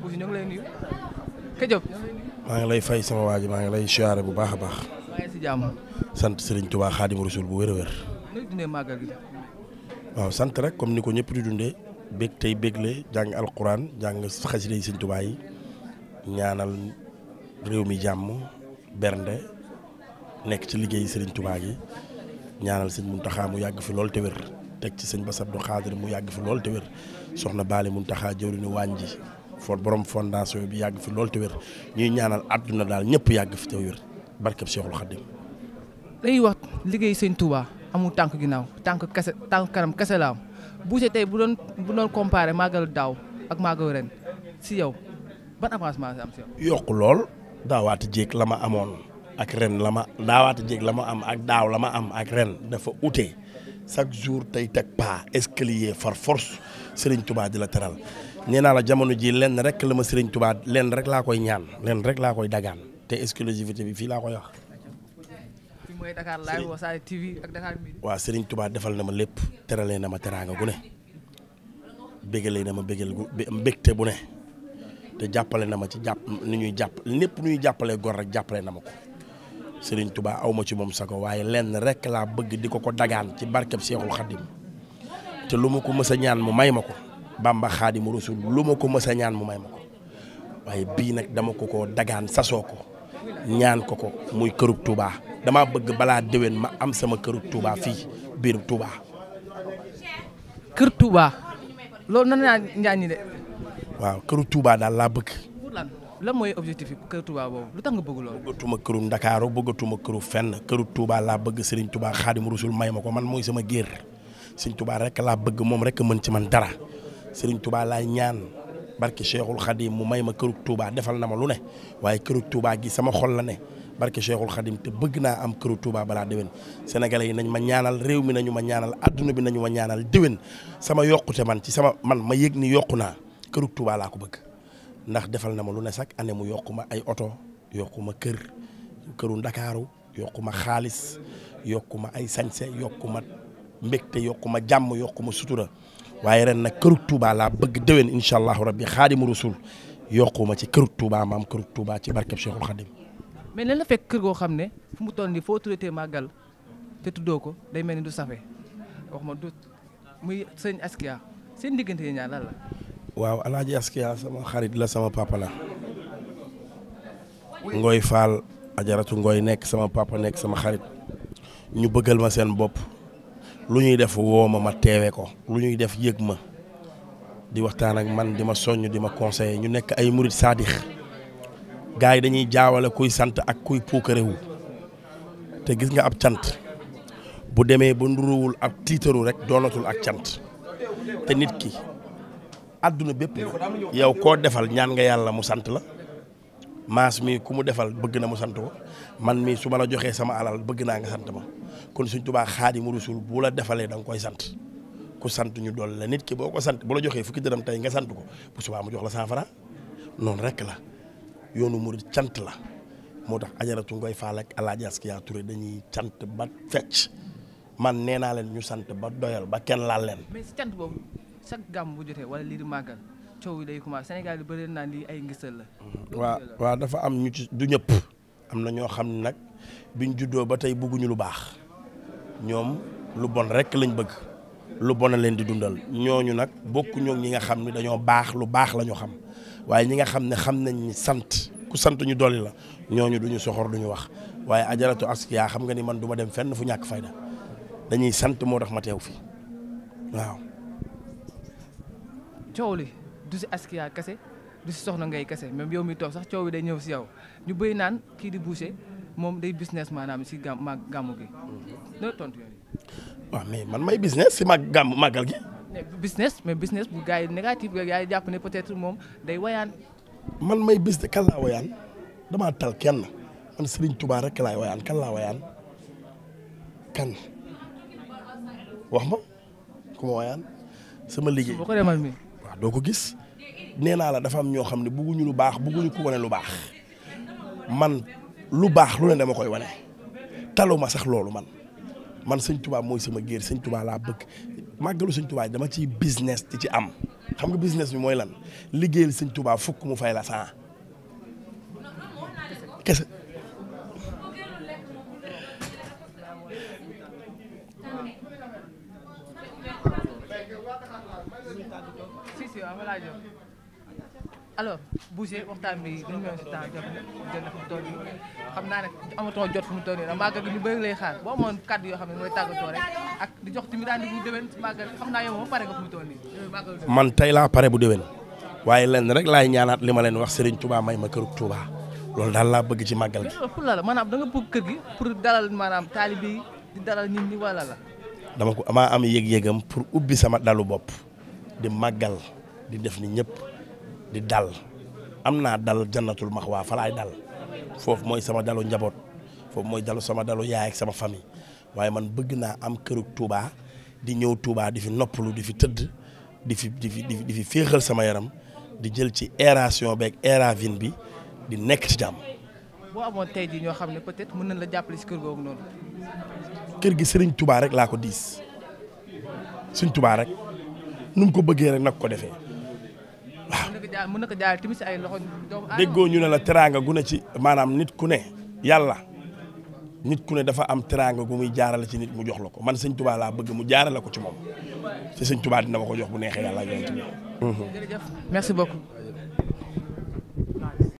maa ngi lay fay sama waa ji maa ngi lay siyaare bu baax a baax. jàmm. sant Serigne tubaa Xaadimu Rasuul bu wér a wér. waaw sant rek comme ni ko ñëpp di dundee bég tey bégle jàng alquran jàng xasida yi Serigne Touba yi ñaanal réew mi jàmm bernde nekk ci liggéey Serigne Touba gi ñaanal Serigne taxaa mu yàgg fi lool te wér teg ci Serigne Bass Abdou Khadre mu yàgg fi lool te wér soxna Baali Mountakha jëwriñu waañ ji fo borom fondation bi yàgg fi loolu te wér ñuy ñaanal àdduna daal ñëpp yàgg fi te wér barkeb Seexul Xaddim dañuy wax liggéey sëñ Touba amul tànk ginnaaw tànk kese tànk kanam kese la am Boucher tey bu doon bu doon comparer màggal daaw ak màggal ren si yow ban avancement si am si yow. yokk lool daawaati jéeg la ma amoon ak ren la ma daawaati jéeg la ma am ak daaw la ma am ak ren dafa ute chaque jour tey teg pas escalier far force Serigne tubaa di la teral nee la jamono ji lenn rek la ma Serigne Touba lenn rek laa koy ñaan lenn rek laa koy dagaan te exclusivité bi fii laa koy wax. fii mooy Dakar Live waaw Serigne Touba defal na ma lépp teralee na ma teraanga gu ne bégalee na ma bégal gu mbégte bu ne te jàppale na ma ci jàpp ni ñuy jàpp lépp ñuy jàppalee gor rek jàppale na ma ko. Serigne tubaa aw ma ci moom sago waaye lenn rek laa bëgg di ko ko dagaan ci barkeb Seexul Xaddim te lu ma ko mës a ñaan mu may ma ko. Bamba Xaadimu Rasul lu ma ko mës ñaan mu may ma ko waaye bii nag dama ko ko dagaan sasoo ko ñaan ko ko muy këru Touba dama bëgg balaa déwén ma am sama këru Touba fii biirub Touba. kër loolu nan laa ñaan de. waaw këru Touba daal laa bëgg. la mooy objectif bi kër Touba boobu lu tax nga bëgg këru Ndakaaru bëggatuma këru fenn këru Touba laa bëgg Serigne Touba Xaadimu Rasul may ma ko man mooy sama géer Serigne Touba rek laa bëgg moom rek mën ci man dara Serigne Touba laay ñaan barke Cheikhul Khadim mu may ma kërug tuubaa defal na ma lu ne waaye kërug Touba gi sama xol la ne barke Cheikhul Khadim te bëgg naa am këru Touba balaa déwén sénégalais yi nañ ma ñaanal réew mi nañu ma ñaanal adduna bi nañu ma ñaanal déwén sama yokkute man ci sama man ma yëg ni yokku naa këru Touba laa ko bëgg ndax defal na ma lu ne sax année mu yokku ma ay oto yokku ma kër këru ndakaaru yokku ma xaalis yokku ma ay sañse yokku ma mbégte yokku ma jàmm yokku sutura waaye ren nag kërug Touba laa bëgg déwén incha allahu rabbi xaadimu rasul yokkuma ci kërug Touba maam kërug Touba ci barkeb Cheikhul Khadim mais lan la fekk kër goo xam ne fu mu toll nii foo tuddee màggal te tuddoo ko day mel ni du safe wax ma du muy sëñ Askia seen diggante yi ñaar lan la. waaw El Hadj sama xarit la sama papa la. Ngoy Fall ajaratu Ngoy nekk sama papa nekk sama xarit ñu bëggal ma seen bopp. lu ñuy def woo ma ma teewe ko lu ñuy def yëg ma di waxtaan ak man di ma soññ di ma conseiller ñu nekk ay murit saadix gars yi dañuy jaawale kuy sant ak kuy puukarewu te gis nga ab cant bu demee ba nduruwul ab tiitaru rek doonatul ak cant te nit ki àdduna bépp yow koo defal ñaan nga yàlla mu sant la maas mii ku mu defal bëgg na mu sant ko man mii su ma la joxee sama alal bëgg naa nga sant ma kon suñ tubaa mu rasul bu la defalee danga koy sant ku sant ñu dool la nit ki boo ko sant bu la joxee fukki dërëm tey nga sant ko bu subaa mu jox la saafara noonu rek la yoonu murid cant la moo tax ajaratu ngoy faal ak alaaji Askiya Touré dañuy sant ba fecc man nee naa leen ñu sant ba doyal ba kenn laal leen. mais si cant boobu coow day commencé Sénégal yi bëri naan lii ay ngisal dafa am ñu ci du ñëpp am na ñoo xam ne nag biñ juddoo ba tey bëgguñu lu baax ñoom lu bon rek lañ bëgg lu bon a leen di dundal ñooñu nag bokkuñu ak ñi nga xam ne dañoo baax lu baax la ñu xam waaye ñi nga xam ne xam nañ ni sant ku sant ñu dolli la ñooñu duñu soxor duñu wax waaye ajaratu askiya xam nga ni man du ma dem fenn fu ñàkk fayda dañuy sant moo tax ma teew fii waaw. du si Askia kese du si soxna ngay kese même yow mi toog sax coow bi day ñëw si yow ñu bëri naan kii di buuse moom day business maanaam si gàmm gàmmu gi. Mhm. loolu tontu yooyu. mais man may business si ma gàmm màggal gi. mais business mais business bu gars yi négatif ga yaa jàpp ne peut-être moom day wayaan. man may business kan laa wayaan damaa tal kenn man Serigne Touba rek laay wayaan kan laa wayaan kan wax ma ku wayaan sama liggéey. boo waaw doo ko gis nee naa la dafa am ñoo xam ne bugguñu lu baax bugguñu ku wane lu baax man lu baax lu ne dama koy wane taluma sax loolu man man sëñ Tuubaa mooy sama géer sëñ Tuubaa laa bëgg màggalu sëñ Tuubaa dama ci business di ci am xam nga business bi mooy lan liggéeyal sëñ Tuubaa fukk mu fay la saa laa jox alors waxtaan bi li ñu si temps jot jël mu toll nii xam naa ne amatoo jot fu mu toll nii nag màggal gi ñu bëri lay xaar boo amoon kàddu yoo xam ne mooy tàggatoo rek ak di jox tamit di bu déwén si màggal xam naa yow moom pare nga fu mu toll nii. Euh, man tey laa pare bu déwén waaye lenn rek laay ñaanaat li ma leen wax Serigne Touba may ma kërug Touba loolu daal laa bëgg ci màggal gi. pour la la bëgg kër gi pour maanaam taalibe yi di dalal nit ñi wala la. dama ko amaa am yëg-yëgam pour ubbi sama dalu bopp di màggal di def ni ñëpp di dal am naa dal jannatul maxwaa waa laay dal foofu mooy sama dalu njaboot foofu mooy dalu sama dalu yaay ak sama famille waaye man bëgg naa am këru Touba di ñëw Touba di fi noppalu di fi tëdd di fi di fi di féexal sama yaram di jël ci aération beeg aéravine bi di nekk ci jàmm. boo amoon tey jii ñoo xam ne peut mën nañ la jàppale si kër googu noonu. kër gi Serigne Touba rek laa ko diis suñ Touba rek nu ko bëggee rek nag ko defee. jaar mën na ko jaar si ay loxo déggoo ñu ne la teraanga gu ne ci maanaam nit ku ne yàlla nit ku ne dafa am teraanga gu muy jaarale ci nit mu jox la ko man sëñ Touba bëgg mu jaarale ko ci moom te sëñ dina ma ko jox bu neexee yàlla ak yonent bi. merci beaucoup.